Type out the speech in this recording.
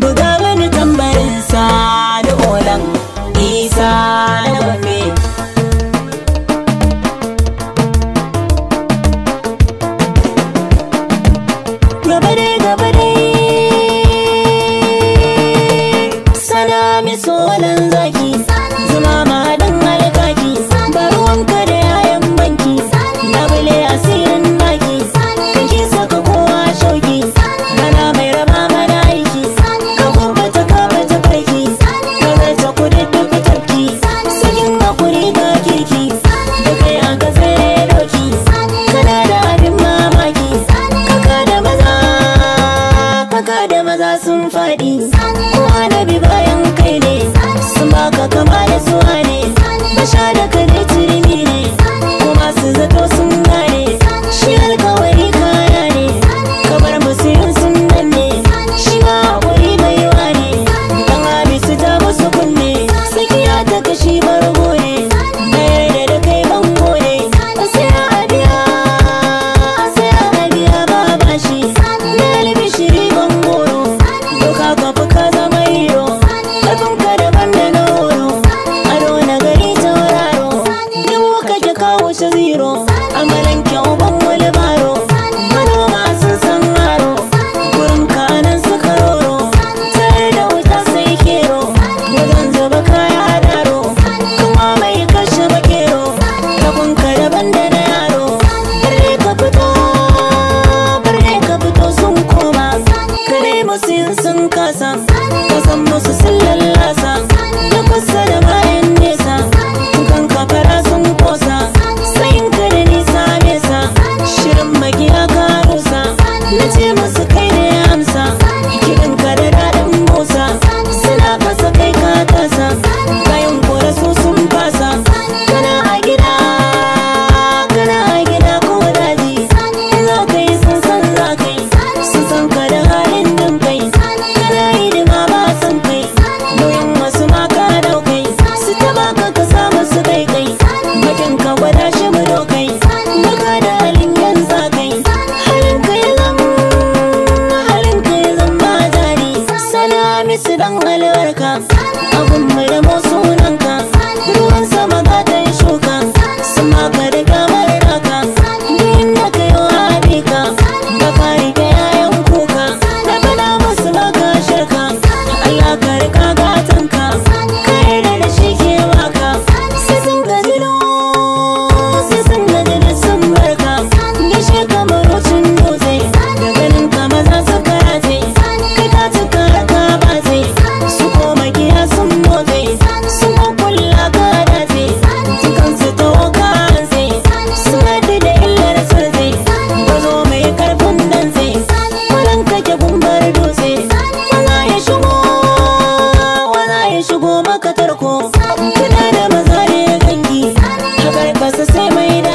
buga wani tambarin sa da olan isa faɗi для rasa sai mai